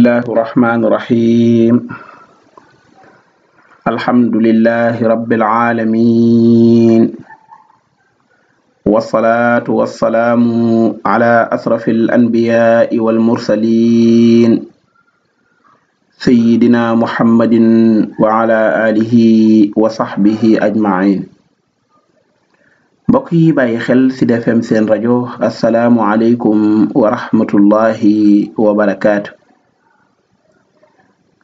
الله الرحمن الرحيم الحمد لله رب العالمين والصلاة والسلام على أشرف الأنبياء والمرسلين سيدنا محمد وعلى آله وصحبه أجمعين mbokk yi bàyyi xel Sud FM seen rajo asalaamualeykum wa rahmatullahi wa barakaatu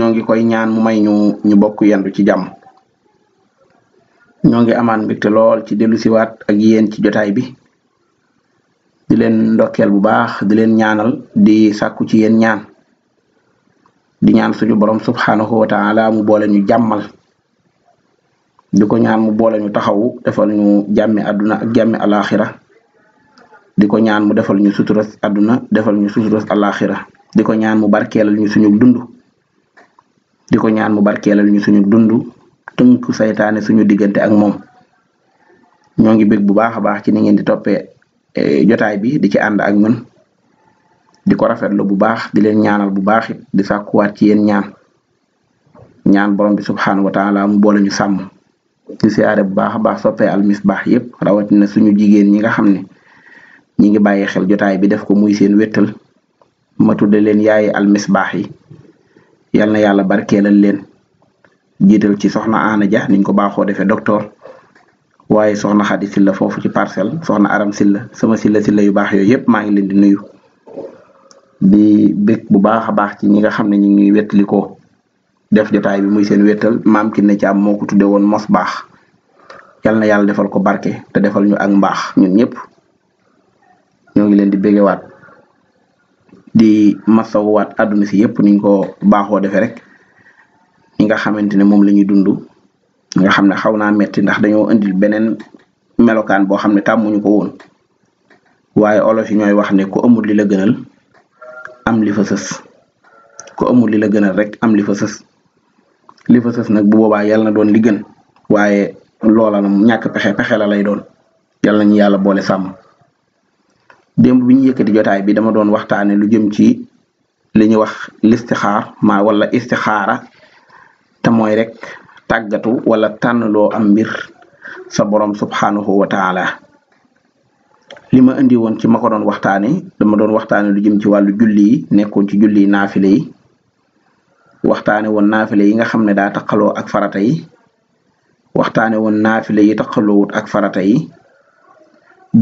ñoo ngi koy ñaan mu may ñu ñu bokk yendu ci jàmm ñoo ngi amaan mbégte lool ci dellu siwaat ak yéen ci jotaay bi di leen ndokkeel bu baax di leen ñaanal di sàkku ci yéen ñaan di ñaan suñu borom subxanahu wa ta'ala mu boole ñu jàmmal di ko ñaan mu boole ñu taxawu defal ñu jàmmi àdduna ak jàmmi alaxira di ko ñaan mu defal ñu suturas àdduna defal ñu suturas alaxira di ko ñaan mu barkeelal ñu suñu dundu di ko ñaan mu barkeelal ñu suñu dund tënk saytaane suñu diggante ak moom ñoo ngi bég bu baax a baax ci ni ngeen di toppee eh, jotaay bi di ci ànd ak ñun di ko rafetlu bu baax di leen ñaanal bu baax it di sàkkuwaat ci yéen ñaan ñaan borom bi subxanahu wa taala mu boole ñu sàmm di siyaare bu baax a baax soppee Al baax yëpp rawatina suñu jigéen ñi nga xam ne ñi ngi bàyyi xel jotaay bi def ko muy seen wéttal ma tudde leen yaayi Al Misbah yi. yal na yàlla barkeelal leen jiital ci soxna Ana Dia niñ ko baaxoo defee docteur waaye soxna Xadi Silla foofu ci parcelle soxna Aram Silla sama Silla Silla yu baax yooyu yëpp maa ngi leen di di bég bu baax a baax ci ñi nga xam ne ñu ngi wétli ko def jotaay bi muy seen wéttal maam ki ne ci am moo ko tudde woon mos baax yal na yàlla defal ko barke te defal ñu ak mbaax ñun ñëpp ñoo ngi leen di bégewaat di masawwaat àdduna si yëpp niñ ko baaxoo defee rek ñi nga xamante ne moom la ñuy dund nga xam ne xaw naa metti ndax dañoo indil beneen melokaan boo xam ne tàmmuñu ko woon waaye olof ñooy wax ne ku amul li la gënal am li fa sës ku amul li la gënal rek am li fa sës li fa sës nag bu boobaa yàlla na doon li gën waaye loola moom ñàkk pexe pexe la lay doon yàlla nañu yàlla boole sàmm démb bi ñu yëkkati jotaay bi dama doon waxtaane lu jëm ci li ñuy wax listixaar ma wala istixaara ta mooy rek tàggatu wala tànn loo am mbir sa borom subxanahu wa taala lima indi woon ci ma ko doon waxtaane dama doon waxtaane lu jëm ci wàllu julli nekkoon ci julli yi naafile yi waxtaane woon naafile yi nga xam ne daa taqaloo ak farata waxtaane woon naafile yi taqaloowut ak farata yi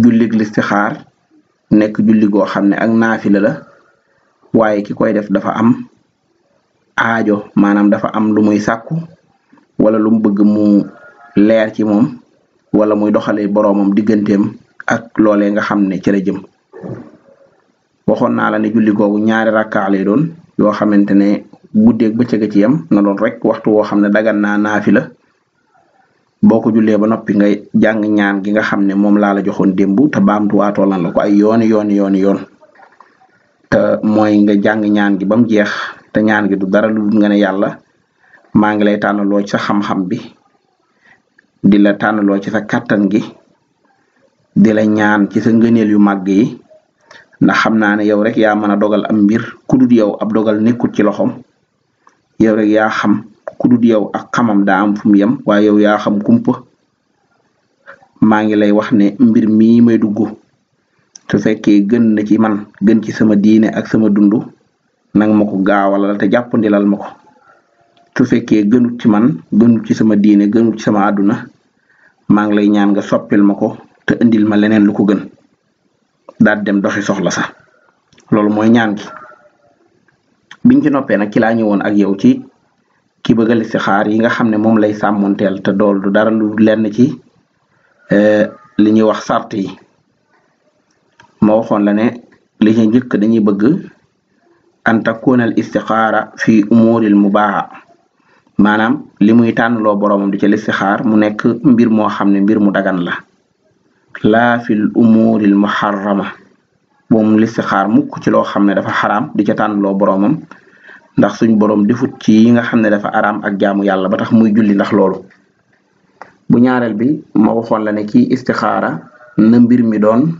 jullig listixaar nekk julli goo xam ne ak naafila la waaye ki koy def dafa am aajo maanaam dafa am lu muy sàkku wala lu mu bëgg mu leer ci moom wala muy doxale boroomam digganteem ak loolee nga xam ne ci la jëm waxoon naa la ne julli googu ñaari rakkaa lay doon yoo xamante ne guddeeg bëccëg ci yam na doon rek waxtu woo xam ne dagan naa naafi la boo ko jullee ba noppi nga jàng ñaan gi nga xam ne moom laa la joxoon démb te baam lan la ko ay yooni yooni yooni yoon te mooy nga jàng ñaan gi ba mu jeex te ñaan gi du dara lu dul ne yàlla maa ngi lay tànnaloo ci sa xam-xam bi di la tànnaloo ci sa kàttan gi di la ñaan ci sa ngëneel yu màgg yi ndax xam naa ne yow rek yaa mën a dogal am mbir ku dul yow ab dogal nekkut ci loxoom yow rek yaa xam ku dut yow ak xamam daa am fu mu yem waaye yow yaa xam kumpa maa ngi lay wax ne mbir mi may dugg su fekkee gën na ci man gën ci sama diine ak sama dund nang ma ko gaawalal te jàppandilal ma ko su fekkee gënut ci man gënut ci sama diine gënut ci sama àdduna maa ngi lay ñaan nga soppil ma ko te indil ma leneen lu ko gën daal dem doxi soxla sax loolu mooy ñaan gi biñ ci noppee nag ci laa ak yow ci ci bëgg a yi nga xam ne moom lay sàmmonteel te dool du dara lu lenn ci eh, li ñuy wax sart yi ma waxoon la ne li njëkk dañuy bëgg an takuna al istixaara fi umuril mubaaha maanaam li muy tànnloo boroomam di ci listixaar mu nekk mbir moo xam ne mbir mu dagan la laa fil umuril muharrama boom listixaar mukk ci loo xam ne dafa xaram di ca tànnloo boroomam ndax suñ di fut ci yi nga xam ne dafa araam ak jaamu yàlla ba tax muy julli ndax loolu bu ñaareel bi ma waxoon la ne kii istixaara na mbir mi doon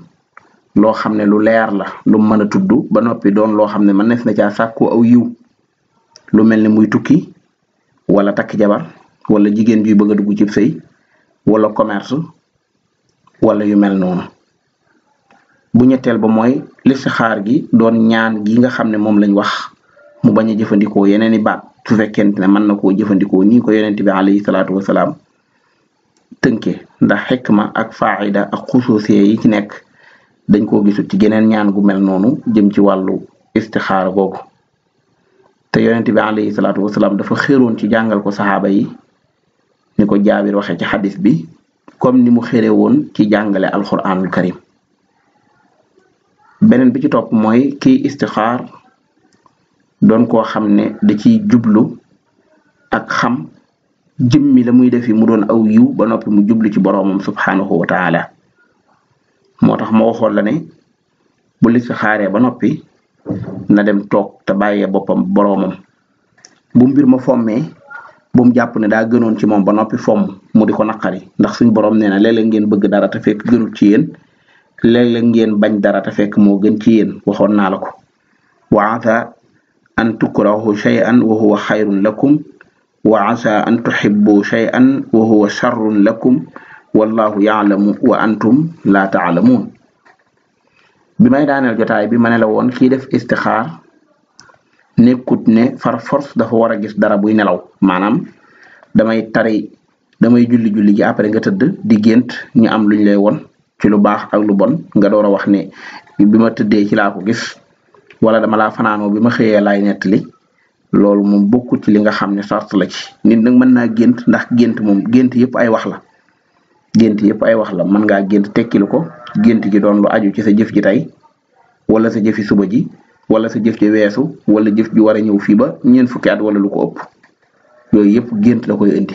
loo xam ne lu leer la lu mën a tudd ba noppi doon loo xam ne mën nees na caa sàkku aw yiw lu mel ne muy tukki wala takk jabar wala jigéen juy bëgg a dugg cib sëy wala commerce wala yu mel noonu bu ñetteel ba mooy listixaar gi doon ñaan gi nga xam ne moom lañ wax mu bañ a jëfandikoo yeneen i baat su fekkente ne mën na koo jëfandikoo nii ko yonent bi alayhi salaatu wasalaam tënke ndax xikma ak faayida ak xusuusiye yi ci nekk dañ koo gisul ci geneen ñaan gu mel noonu jëm ci wàllu istixaara googu te yonent bi alayhi salaatu wasalaam dafa xéroon ci jàngal ko saxaaba yi ni ko jaabir waxe ci xadis bi comme ni mu xére woon ci jàngale alquranul karim beneen bi ci topp mooy kii istixaar doon koo xam ne da ciy jublu ak xam mi la muy defi mu doon aw yiw ba noppi mu jublu ci boroomam subhaanahu wa taala moo tax ma waxoon la ne bu listixaaree ba noppi na dem toog te bàyyee boppam boroomam bu mbir ma fommee bu mu jàpp ne daa gënoon ci moom ba noppi fomm mu di ko naqari ndax suñ borom nee na léeg-léeg ngeen bëgg dara te fekk gënul ci yéen léeg-léeg ngeen bañ dara te fekk moo gën ci yéen waxoon naa la ko waata an tukrahu shay'an wa huwa xayrun lakum wa asa an tuhibbu shay'an wa huwa sharrun lakum wallahu ya'lamu wa antum la ta'lamun bi may daaneel jotaay bi ma ne la woon kii def istixaar nekkut ne far force dafa war a gis dara buy nelaw maanaam damay tari damay julli julli ji après nga tëdd di gént ñu am luñ lay woon ci lu baax ak lu bon nga door a wax ne bi ma tëddee ci laa ko gis wala dama laa fanaanoo bi ma xëyee laay nettali loolu moom bokkul ci li nga xam ne sart la ci nit nag mën naa gént ndax gént moom gént yëpp ay wax la gént yëpp ay wax la mën ngaa gént tekkilu ko gént gi doon lu aju ci sa jëf ji tey wala sa jëfi suba ji wala sa jëf ji weesu wala jëf ji war a ñëw fii ba ñeent fukki at wala lu ko ëpp yooyu yëpp gént la koy indi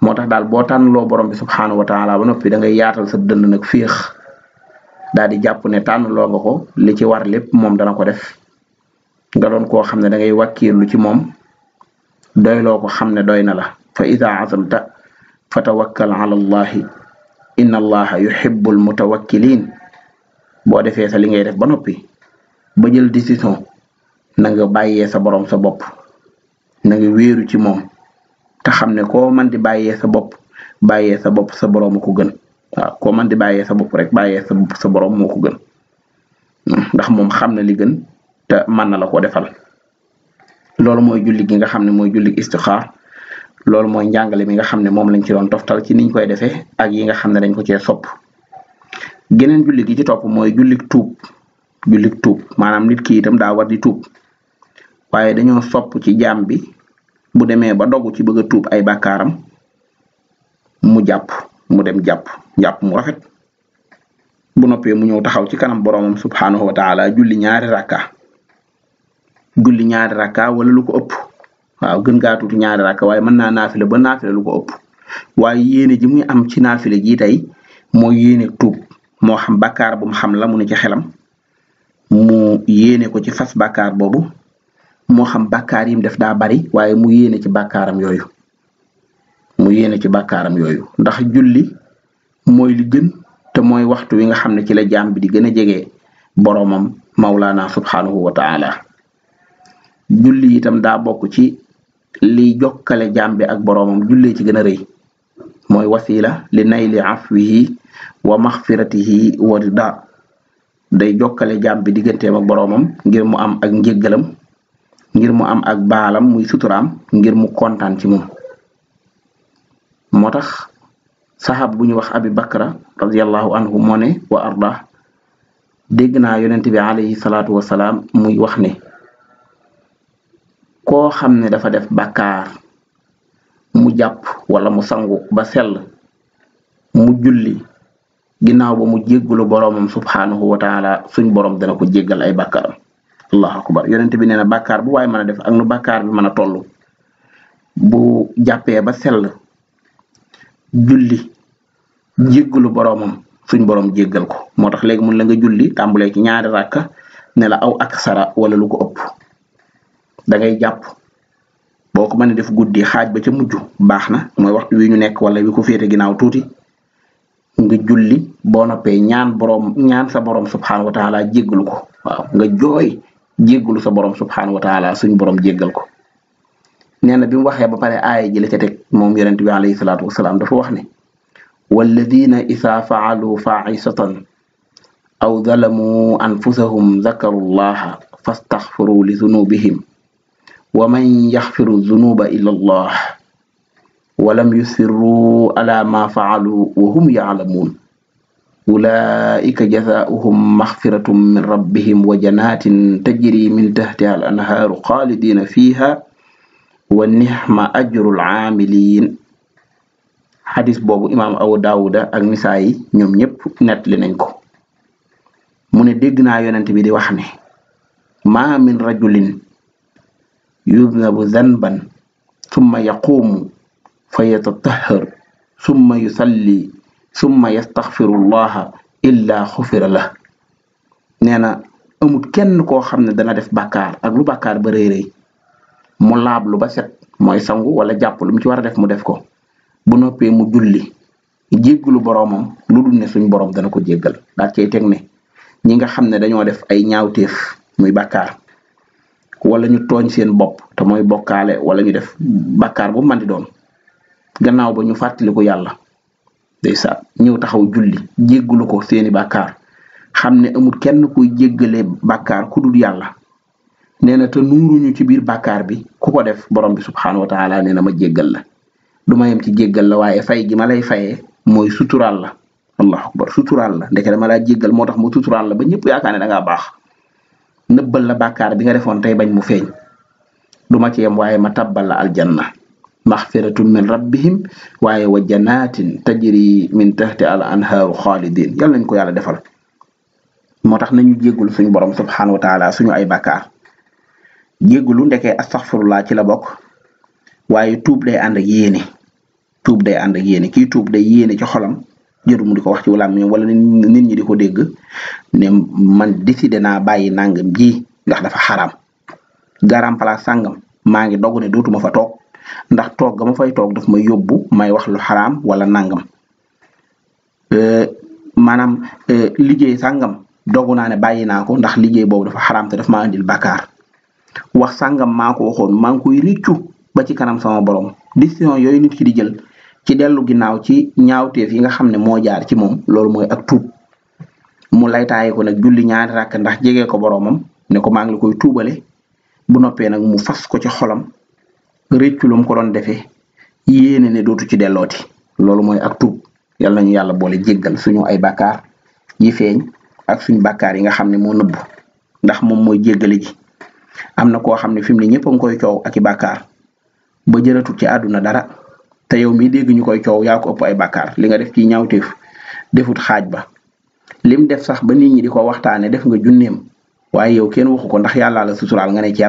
moo tax daal boo tànn loo borom bi subxanahu wa taala ba noppi da ngay yaatal sa dënd nag féex daal di jàpp ne tànn loo nga ko li ci war lépp moom dana ko def nga doon koo xam ne da ngay wàkkiirlu ci moom doyloo ko xam ne doy na la fa ida azamta fa tawakkal ala allahi inna allaha yuhibbul mutawakkilin boo defee sa li ngay def ba noppi ba jël décision na nga bàyyee sa borom sa bopp na nga wéeru ci moom te xam ne ko man di bàyyee sa bopp bàyyee sa bopp sa borom ko gën waaw koo man de bàyyee sa bopp rek bàyyee sa sa borom moo ko gën ndax moom xam na li gën te mën na la ko defal loolu mooy julli gi nga xam ne mooy julli istixaar loolu mooy njàngale mi nga xam ne moom lañ ci doon toftal ci niñ koy defee ak yi nga xam ne dañ ko cee sopp geneen julli gi ci topp mooy jullik tuub jullik tuub maanaam nit ki itam daa war di tuub waaye dañoo sopp ci jaam bi bu demee ba dogu ci bëgg a tuub ay bàkkaaram mu jàpp mu dem jàpp njàpp mu rafet bu noppee mu ñëw taxaw ci kanam boroomam subhaanahu wa taala julli ñaari rakka julli ñaari rakka wala lu ko ëpp waaw gën gaa tuuti ñaari rakka waaye mën naa naafila ba naafila lu ko ëpp waaye yéene ji am ci naafila ji tey moo yéene tuub moo xam bàkkaar bu mu xam la mu ne ci xelam mu yéene ko ci fas bàkkaar boobu moo xam bàkkaar yim def daa bari waaye mu yéene ci bàkkaaram yooyu mu yéene ci bàkkaaram yooyu ndax mooy li gën te mooy waxtu wi nga xam ne ci la jaam bi di gën a jege boroomam mawlaana subhaanahu wa taala julli itam daa bokk ci li jokkale jaam bi ak boroomam jullee ci gën a rëy mooy wasila li nayli afwihi wa maxfiratihi wa rida day jokkale jaam bi digganteem ak boroomam ngir mu am ak njéggalam ngir mu am ak baalam muy suturaam ngir mu kontaan ci moom moo tax saxaab bu ñu wax abi bakra radiallahu anhu moo wa arda dégg naa yonent bi alayhi salaatu wasalaam muy wax ne koo xam ne dafa def bàkkaar mu jàpp wala mu sangu ba sell mu julli ginnaaw ba mu jéggulu boroomam subhaanahu wa taala suñ borom dana ko jéggal ay bàkkaaram allahu akbar yonent bi nee na bàkkaar bu waaye mën a def ak nu bàkkaar bi mën a toll bu jàppee ba sell julli jéggalu boroomam suñ borom jéggal ko moo tax léegi mun la nga julli tàmbulee ci ñaari ràkka ne la aw ak sara wala lu ko ëpp jàpp boo ko mën a def guddi xaaj ba ca mujj baax na mooy waxtu wi ñu nekk wala wi ko féete ginnaaw tuuti nga julli boo noppee ñaan boroom ñaan sa borom subxanahu wa taala jéggalu ko waaw nga jooy jéggalu sa borom subxanahu wa taala suñ borom jéggal ko. nee na bi mu waxee ba pare aaya ji la ca teg moom yonent bi alayhi salaatu wasalaam dafa wax ne walladina isaa faalu faisatan aw zalamu anfusahum zakaru llaha fastaxfiru li zunubihim wa man yaxfiru zunuba illa allah walam yusirru ala ma faalu wa hum yaalamuun ulaika jazaauhum maxfiratum min rabbihim wa jannatin tajri min tahtiha al anhaaru xaalidina fiha wa nixma ajrul aamiliin xadis boobu imaam abu daawuda ak nisaa ñoom ñëpp nettali nañ ko mu ne dégg naa yonent bi di wax ne ma min rajulin yudnabu zanban summa yaquumu fa yatatahhar summa yusalli summa yastaxfirullaha illa xufira la nee na amut kenn koo xam ne dana def bàkkaar ak lu bàkkaar ba rëy mu laablu ba set mooy sangu wala jàpp lu mu ci war a def mu def ko bu noppee mu julli jéggalu boroomam lu dul ne suñ boroom dana ko jéggal daal cay teg ne ñi nga xam ne dañoo def ay ñaawteef muy bàkkaar wala ñu tooñ seen bopp te mooy bokkaale wala ñu def bàkkaar bu mën di doon gannaaw ba ñu fàttaliku yàlla day sa ñëw taxaw julli jéggalu ko seeni bàkkaar xam ne amul kenn kuy jéggale bàkkaar ku dul yàlla nee na te nuuruñu ci biir bàkkaar bi ku ko def borom bi subxanahu wa taala nee ma jéggal la du ma yem ci jéggal la waaye fay gi ma lay faye mooy suturaal la allahu akbar suturaal la ndeke dama laa jéggal moo tax mu suturaal la ba ñëpp yaakaar ne da ngaa la bàkkaar bi nga defoon tey bañ mu feeñ du ma waaye ma tabbal la aljanna maxfiratun min rabbihim waaye wa jannatin tajri min tahti al anhaaru xaalidin yal nañ ko yàlla defal moo tax nañu jéggul suñu borom subxanahu wa taala suñu ay bàkkaar. jéggulu sax astaxfirullah ci la bokk waaye tuub day ànd ak yéene tuub day ànd ak kii tuub day yéene ci xolam jëru mu di ko wax ci walaam ñoom wala nit ñi di ko dégg ne man décidé naa bàyyi nangam ji ndax dafa xaraam garam place sàngam maa ngi dogu ne dootuma fa toog ndax toog ga ma fay toog daf may yóbbu may wax lu xaraam wala nangam euh, maanaam euh, liggéey sangam dogu naa ne bàyyi naa ko ndax liggéey boobu dafa xaram te daf ma indil bàkkaar wax sàngam maa ko waxoon maa ngi koy réccu ba ci kanam sama borom décision yooyu nit ci di jël ci dellu ginnaaw ci ñaaw teef yi nga xam ne moo jaar ci moom loolu mooy ak tuub mu laytaaye ko nag ñaari rakk ndax jege ko boromam ne ko maa ngi la koy tuubale bu noppee nag mu fas ko ci xolam réccu lu mu ko doon defee yéene ne dootu ci dellooti loolu mooy ak tuub yal nañu yàlla boole jéggal suñu ay bàkkaar yi feeñ ak suñu bakaar yi nga xam ne moo nëbbu ndax moom mooy jéggale ji am na koo xam ne fi mu ne ñëpp a koy coow ak i bàkkaar ba jëratut ci àdduna dara te yow mii dégg ñu koy coow yaa ko ëpp ay bàkkaar li nga def ki ñaawteef defut xaaj ba lim def sax ba ni ñi di ko waxtaane def nga junneem waaye yow kenn waxu ko ndax yàllaa la suturaal nga ne ci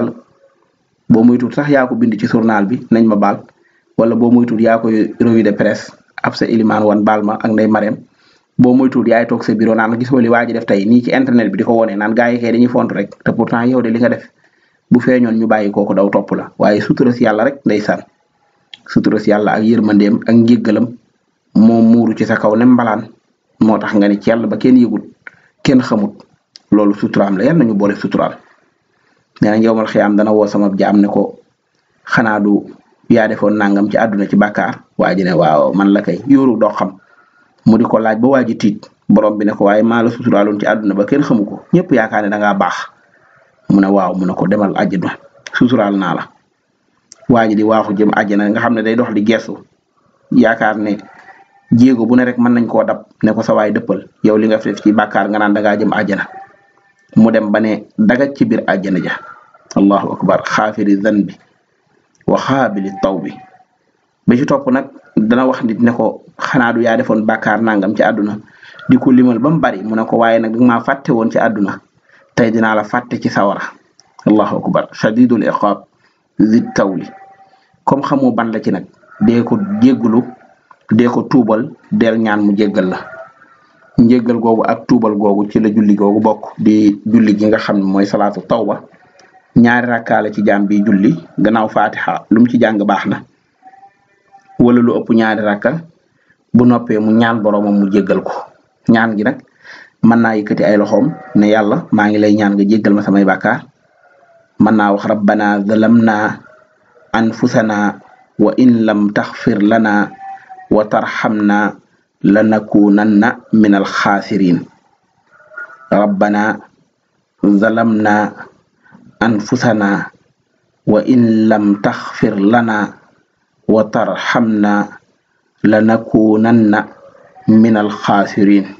boo moytuwul sax yaa ko bind ci journal bi nañ ma baal wala boo moytuwul yaa koy revue de presse ab sa ilimaan wan baal ma ak nday mareem boo moytuwul yaay toog sa bureau naan gisoo li def tey nii ci internet bi di ko wone naan gaa yi kay font rek te pourtant yow de li nga def bu feeñoon ñu bàyyi kooku daw topp la waaye sutura si yàlla rek ndeysaan sutura si yàlla ak yërmandeem ak njéggalam moo muuru ci sa kaw ne mbalaan moo tax nga ni la ba kenn yëgut kenn xamut loolu suturaam la na ñu boole suturaam nee na yowmal xiyaam dana woo sama jaam ne ko xanaa du yaa defoon nangam ci àdduna ci bàkkaar waa ji ne waaw man la kay yóoru doo xam mu di ko laaj ba waa ji tiit borom bi ne ko waaye maa la ci àdduna ba kenn xamu ko ñëpp yaakaar ne dangaa baax mu ne waaw mun ne ko demal àjjana suturaal naa la waa di waaxu jëm àjjana nga xam ne day dox di geesu yaakaar ne jéego bu ne rek mën nañ koo dab ne ko sa waay dëppal yow li nga def ci bàkkaar nga naan dangaa jëm àjjana mu dem ba ne daga ci biir àjjana ja allahu akbar xaafiri zanbi wa xaabili taw bi ba ci topp nag dana wax nit ne ko xanaa du yaa defoon bàkkaar nangam ci àdduna di ko limal ba mu bari mu ne ko waaye nag maa fàtte woon ci àdduna tey dinaa la fàtte ci sawara allahu akbar shadidul iqab zid tawli comme xamoo ban la ci nag dee ko jéggulu dee ko tuubal del ñaan mu jéggal la njéggal googu ak tuubal googu ci la julli googu bokk di julli gi nga xam mooy salaatu taw ba ñaari rakka la ci jaam bi julli gannaaw faatixa lu mu ci jàng baax na wala lu ëpp ñaari rakka bu noppee mu ñaan boroomam mu jéggal ko ñaan gi nag mën naa yëkkati ay loxoom ne yàlla maa ngi lay ñaan nga jéggal ma samay bàkkaar mën naa wax rabbana zalamna anfusana wa in lam taxfir lana wa tarxamna lanakunanna min alxaasirin rabbana zalamna anfusana wa in lam taxfir lana wa tarxamna lanakunanna min alxaasirin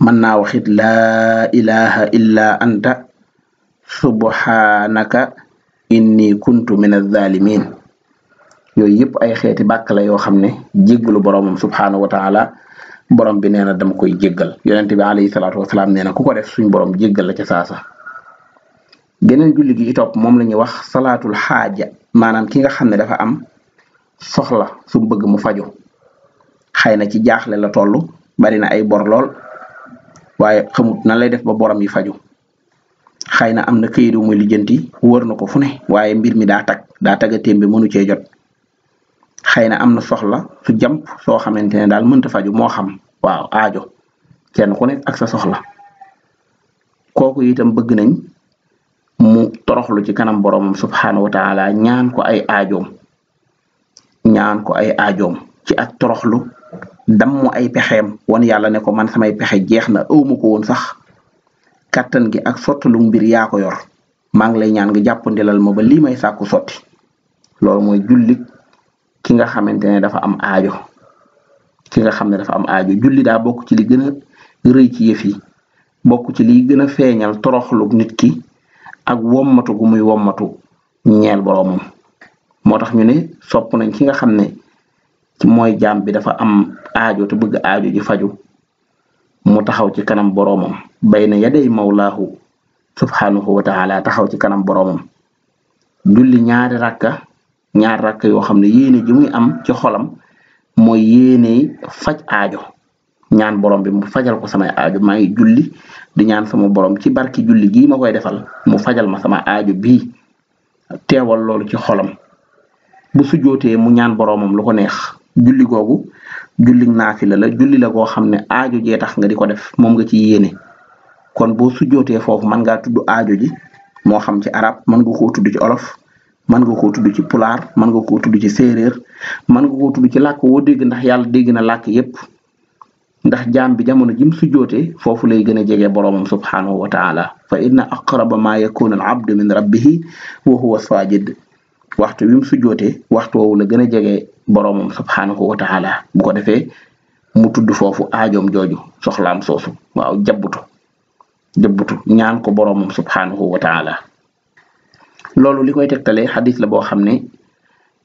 mën naa waxit laa ilaha illa anta subhanaka inni kuntu min azalimin yooyu yëpp ay xeeti bàkk la yoo xam ne jéggalu boroomam subhaanahu wa taala borom bi nee na dama koy jéggal yonente bi alayhi salaatu wasalaam nee na ku ko def suñ borom jéggal la ca saasa geneen julli gi ci topp moom la ñuy wax salaatul xaaja maanaam ki nga xam ne dafa am soxla su bëgg mu fajo xëy na ci jaaxle la toll bari na ay bor lool waaye xamut na lay def ba borom yi faju xëy na am na këyit wu muy lijjanti wër na ko fu ne mbir mi daa tag daa taga témbe mënu cee jot xëy na am na soxla su jàmp soo xamante ne daal mënta faju moo xam waaw aajo kenn ku nekk ak sa soxla kooku itam bëgg nañ mu toroxlu ci kanam boromam subxanahu wa ñaan ko ay aajoom ñaan ko ay aajoom ci ak toroxlu damm ay pexeem wan yàlla ne ko man samay pexe jeex na ëwma ko woon sax kàttan gi ak sottalu mbir yaa ko yor maa ngi lay ñaan nga jàppandilal ma ba lii may sàkku sotti loolu mooy jullit ki nga xamante ne dafa am aajo ki nga xam ne dafa am aajo julli daa bokk ci li gën a rëy ci yëf yi bokk ci li gën a feeñal toroxlu nit ki ak wommatu gu muy matu ñeel boroomam moo tax ñu ne sopp nañ ki nga xam ne mooy jaam bi dafa am aajo te bëgg aajo ji faju mu taxaw ci kanam boroomam bay na mawlaahu subhaanahu wa taala taxaw ci kanam boroomam julli ñaari rakka ñaar rakk yoo xam ne yéene ji am ci xolam mooy yéene faj aajo ñaan borom bi mu fajal ko samay aajo maa ngi julli di ñaan sama borom ci barki julli gii ma koy defal mu fajal ma sama aajo bi teewal loolu ci xolam bu sujootee mu ñaan boromam lu ko neex julli googu julli naafila la julli la goo xam ne aajo jee tax nga di ko def moom nga ci yéene kon boo sujjootee foofu mën ngaa tudd aajo ji moo xam ci arab mën nga koo tudd ci olof mën nga koo tudd ci pulaar mën nga koo tudd ci séeréer mën nga koo ci làkk woo dégg ndax yàlla dégg na làkk yépp ndax jaam bi jamono jim sujjootee foofu lay gën a jege boroomam subhaanahu wa taala fa inna aqraba maa yakunu al abdu min rabbihi wa huwa saajid waxtu wi mu waxtu woowu la gën a jege boroomam subhaanahu wa taala bu ko defee mu tudd foofu aajoom jooju soxlaam soosu waaw jabbutu jabbutu ñaan ko boroomam subhaanahu wa taala loolu li koy tegtalee xadis la boo xam ne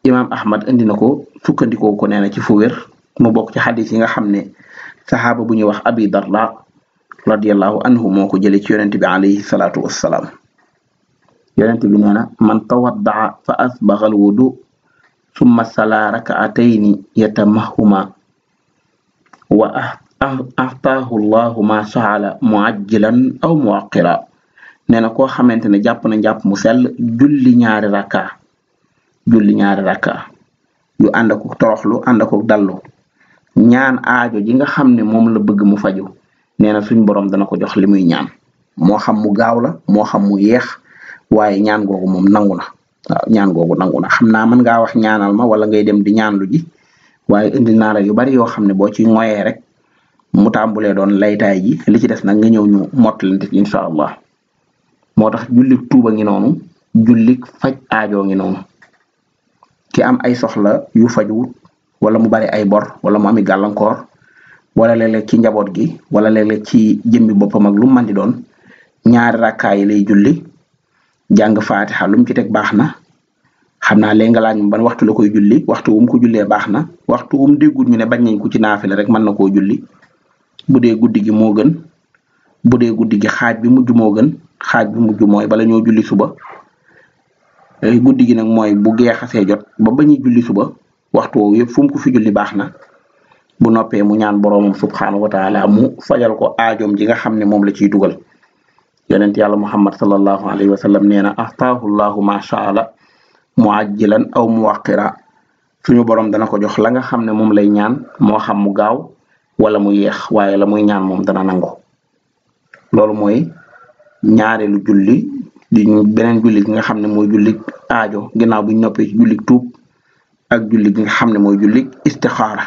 imaam Ahmad indi na ko sukkandikoo ko nee na ci fu mu bokk ci xadis yi nga xam ne saxaaba bu ñuy wax abi darda radiallahu anhu moo ko jëlee ci yonente bi alayhi salaatu wassalaam yonente bi nee na man tawaddaa fa asbaxal wudu summa sala rakaatayni yatamahuma wa ahtaahu llahu ma saala muajjilan aw muaqira nee na koo xamante ne jàpp na jàpp mu sell julli ñaari rakka julli ñaari rakka yu ànd akuk toroxlu ànd akuk dallu ñaan aajo ji nga xam ne moom la bëgg mu faju nee na suñ borom dana ko jox li muy ñaan moo xam mu gaaw la moo xam mu yeex waaye ñaan googu moom nangu na waaw ñaan googu nangu na xam naa mën ngaa wax ñaanal ma wala ngay dem di ñaanlu ji waaye indi naa la yu bari yoo xam ne boo ci moyee rek mu tàmbulee doon laytaay ji li ci des nag nga ñëw ñu mottalante incha allah moo tax jullik tuuba ngi noonu jullik faj aajoo ngi noonu ki am ay soxla yu fajwut wala mu bari ay bor wala mu ami gàllankoor wala léeg ci njaboot gi wala léeg-léeg ci jëmbi boppam mag lu mu di doon ñaari rakkaay lay julli jàng faatixa lu ci teg baax na xam naa léegi nga laaj ma ban waxtu la koy julli waxtu wum ko jullee baax na waxtu wum déggul ñu ne bañ nañ ko ci naafila rek mën na koo julli bu dee guddi gi moo gën bu dee guddi gi xaaj bi mujj moo gën xaaj bi mujj mooy bala ñoo julli suba eh, guddi gi nag mooy bu geexasee jot ba ba ñuy julli suba waxtu woowu yëpp fu fi julli baax na bu noppee mu ñaan boroomam subxanahu mu fajal ko aajoom ji nga xam ne moom la ciy dugal. yonent yàlla muhammad sallallahu alayhi wa sallam nee na ataahu llahu ma shaa Allah muajjilan aw muwaqira suñu borom dana ko jox la nga xam ne moom lay ñaan moo xam mu gaaw wala mu yeex waaye la muy ñaan moom dana nango loolu mooy ñaareelu julli di beneen julli gi nga xam ne mooy julli aajo ginnaaw bu ñu noppee ci julli tuub ak julli gi nga xam ne mooy julli istixaara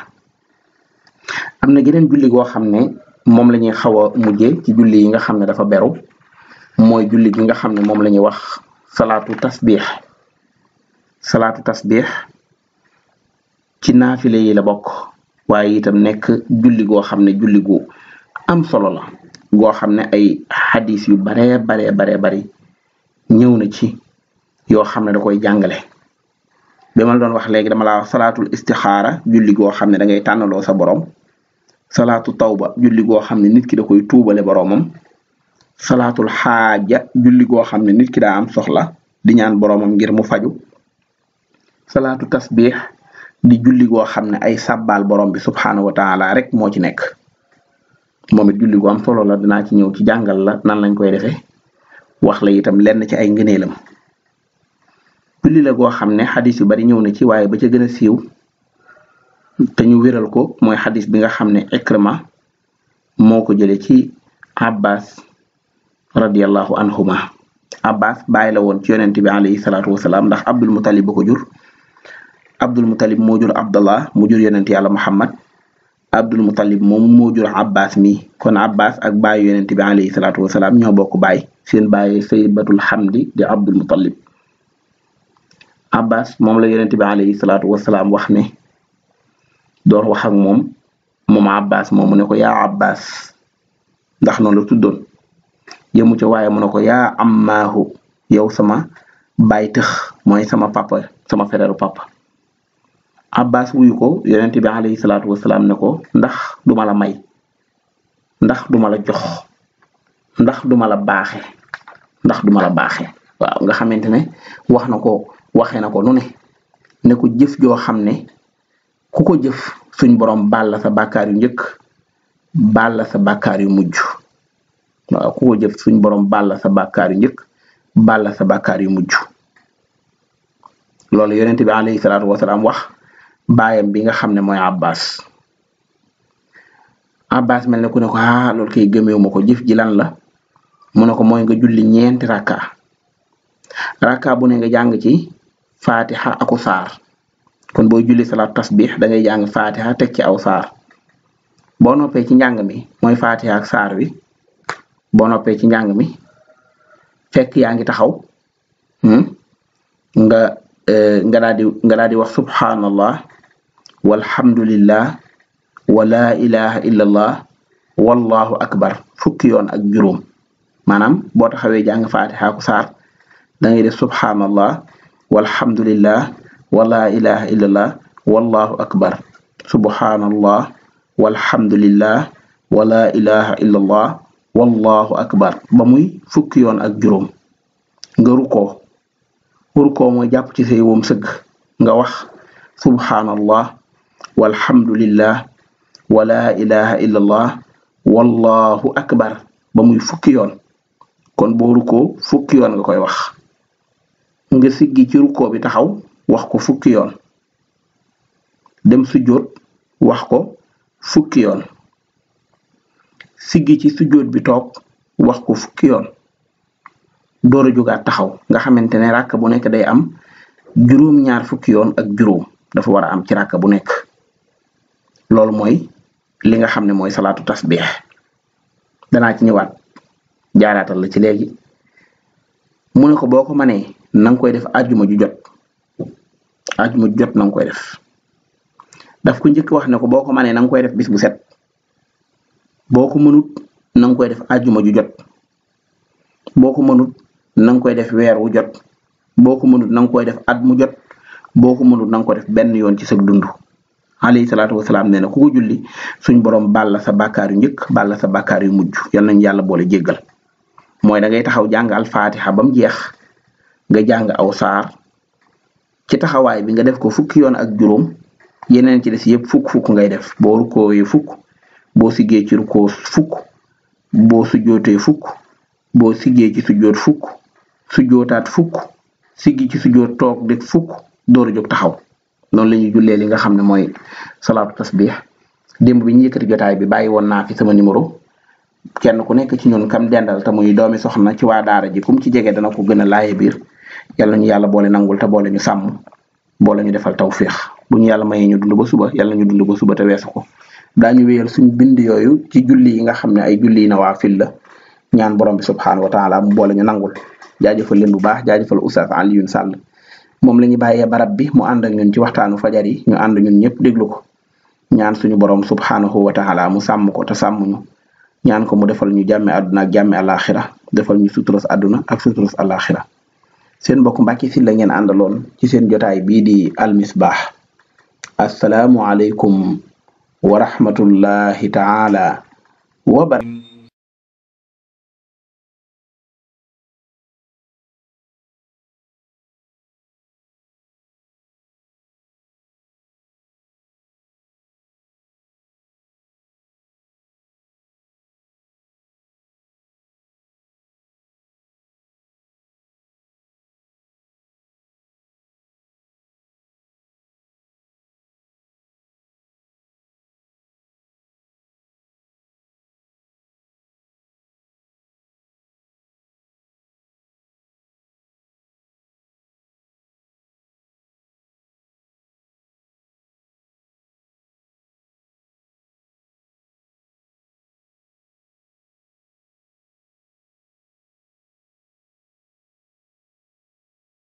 am na geneen julli goo xam ne moom la ñuy xaw a mujjee ci juli yi nga xam ne dafa beru mooy julli gi nga xam ne moom lañuy wax salaatu tasbiix salaatu tasbiix ci naafile yi la bokk waaye itam nekk julli goo xam ne julli gu am solo la goo xam ne ay xadis yu baree baree baree bari ñëw na ci yoo xam ne da koy jàngale bi ma la doon wax léegi dama la wax salaatul istixaara julli goo xam ne dangay ngay tànnaloo sa borom salaatu tawba julli goo xam ne nit ki da koy tuubale boromam salaatul xaaja julli goo xam ne nit ki daa am soxla di ñaan boroomam ngir mu faju salaatu tasbiix di julli goo xam ne ay sabal borom bi subxanahu wa rek moo ci nekk moom it julli la dinaa ci ñëw ci jàngal nan lañ koy defee wax la lenn ci ay ngëneelam julli goo xam ne xadis yu bari ñëw na ci waaye ba ca gën a siiw te ñu wéral ko mooy xadis bi nga xam ne Ikrima moo ko jëlee ci Abbas radiallahu anhuma abbas bàyyi la woon ci yonent bi alayhi salaatu wasalaam ndax abdul mutalib ba ko jur abdul mutalib moo jur abdallah mu jur yonent yàlla muhammad abdul mutalib moom moo jur abbas mi kon abbas ak bàyyi yonent bi alayhi salaatu wasalaam ñoo bokk bàyyi seen bàyyi saybatul xamdi di abdul mutalib abbas moom la yonent bi alayhi salaatu wasalaam wax ne doon wax ak moom moom abbas moom mu ne ko yaa abbas ndax noonu la tuddoon yëmu ca waaye mu ne ko yaa ammaahu yow sama baay tëx mooy sama papa sama fereeru papa abbas wuyu ko yonent bi alayhi salaatu wasalaam ne ko ndax duma la may ndax duma la jox ndax duma la baaxe ndax duma la baaxe waaw nga xamante ne wax na ko waxee na ko nu ne ne ko jëf joo xam ne ku ko jëf suñ borom baal la sa bàkkaar yu njëkk baal la sa bàkkaar yu mujj waaw ku ko jëf suñ borom balla sa bàkkaar yu njëkk balla sa bàkkaar yu mujj loolu yonent bi alayhi salaatu wasalaam wax baayam bi nga xam ne mooy abbas abbas mel ne ku ne ko ah loolu kay gëmeewu ko jëf ji la mu ne ko mooy nga julli ñeenti rakka rakka bu ne nga jàng ci fatiha aku saar kon booy julli salaat tasbix da ngay jàng fatiha teg ci aw saar boo noppee ci njàng mi mooy fatiha ak saar wi boo noppee ci njàng mi fekk yaa ngi taxaw hmm? nga eh, nga daal di nga daal wax subhanallah walhamdulillah wa wala ilaha illallah wallahu akbar fukki yoon ak juróom maanaam boo xawee jàng faatixa ku saar da ngay def subhanallah walhamdulillah wa laa ilaha illallah wallahu akbar subhanallah walhamdulillah wa laa ilaha wallahu akbar ba muy fukki yoon ak juróom nga rukkoo rukkoo mooy jàpp ci say woom nga wax subhanallah walhamdulillah wala ilaha illallah wallahu akbar ba muy fukki yoon kon boo rukkoo fukki yoon nga koy wax nga siggi ci rukkoo bi taxaw wax ko fukki yoon dem sujjóot wax ko fukki siggi ci sujjóot bi toog wax ko fukki yoon door a jógaat taxaw nga xamante ne ràkk bu nekk day am juróom ñaar fukki yoon ak juróom dafa war a am ci ràkk bu nekk loolu mooy li nga xam ne mooy salaatu tasbih danaa ci ñëwaat jaaraatal la ci léegi mu ne ko boo ko manee na koy def àjjuma ju jot àjjuma ju jot na koy def daf ko njëkk wax ne ko boo ko manee na nga koy def bis bu set boo ko mënut na koy def ajuma ju jot boo ko mënut na koy def weer wu jot boo ko mënut na koy def at mu jot boo ko mënut na ko def benn yoon ci sa dund alayhi salaatu wasalaam nee na ku ko julli suñ borom balla sa bàkkaar yu njëkk balla sa bàkkaar yu mujj yal nañ yàlla boole jéggal mooy da ngay taxaw jàng alfaatixa ba mu jeex nga jàng aw saar ci taxawaay bi nga def ko fukki yoon ak juróom yeneen ci des yëpp fukk-fukk ngay def boo rukkooyee fukk boo siggee ci rukkoo fukk boo sujjootee fukk boo siggee ci sujjoot fukk sujjootaat fukk siggi ci sujjoot toog deg fukk door a jóg taxaw noonu la ñuy jullee li nga xam ne mooy salaatu tasbih démb bi ñu yëkkati jotaay bi bàyyi woon naa fi sama numéro kenn ku nekk ci ñun kam dendal te muy doomi soxna ci waa daara ji kum ci jege dana ko gën a laaye biir yàlla ñu yàlla boole nangul te boole ñu sàmm boole ñu defal tawféex bu ñu yàlla mayee ñu dund ba suba yàlla ñu dund ba suba te weesu ko ñu wéyal suñ bind yooyu ci julli yi nga xam ne ay julli na waa fil la ñaan borom bi subxanahu wa taala mu boole ñu nangul jaajëfal leen bu baax jaajëfal Oustaz Alioune Sall moom la ñu bàyyee barab bi mu ànd ak ñun ci waxtaanu fajar yi ñu ànd ñun ñëpp déglu ko ñaan suñu borom subxanahu wa taala mu sàmm ko te sàmm ñu ñaan ko mu defal ñu jàmme àdduna ak jàmme àllaaxira defal ñu suturos àdduna ak suturos àllaaxira seen mbokk Mbàkke Sylla ngeen àndaloon ci seen jotaay bii di Al Misbah asalaamualeykum. wa rahmatullahi taala wa barakatuh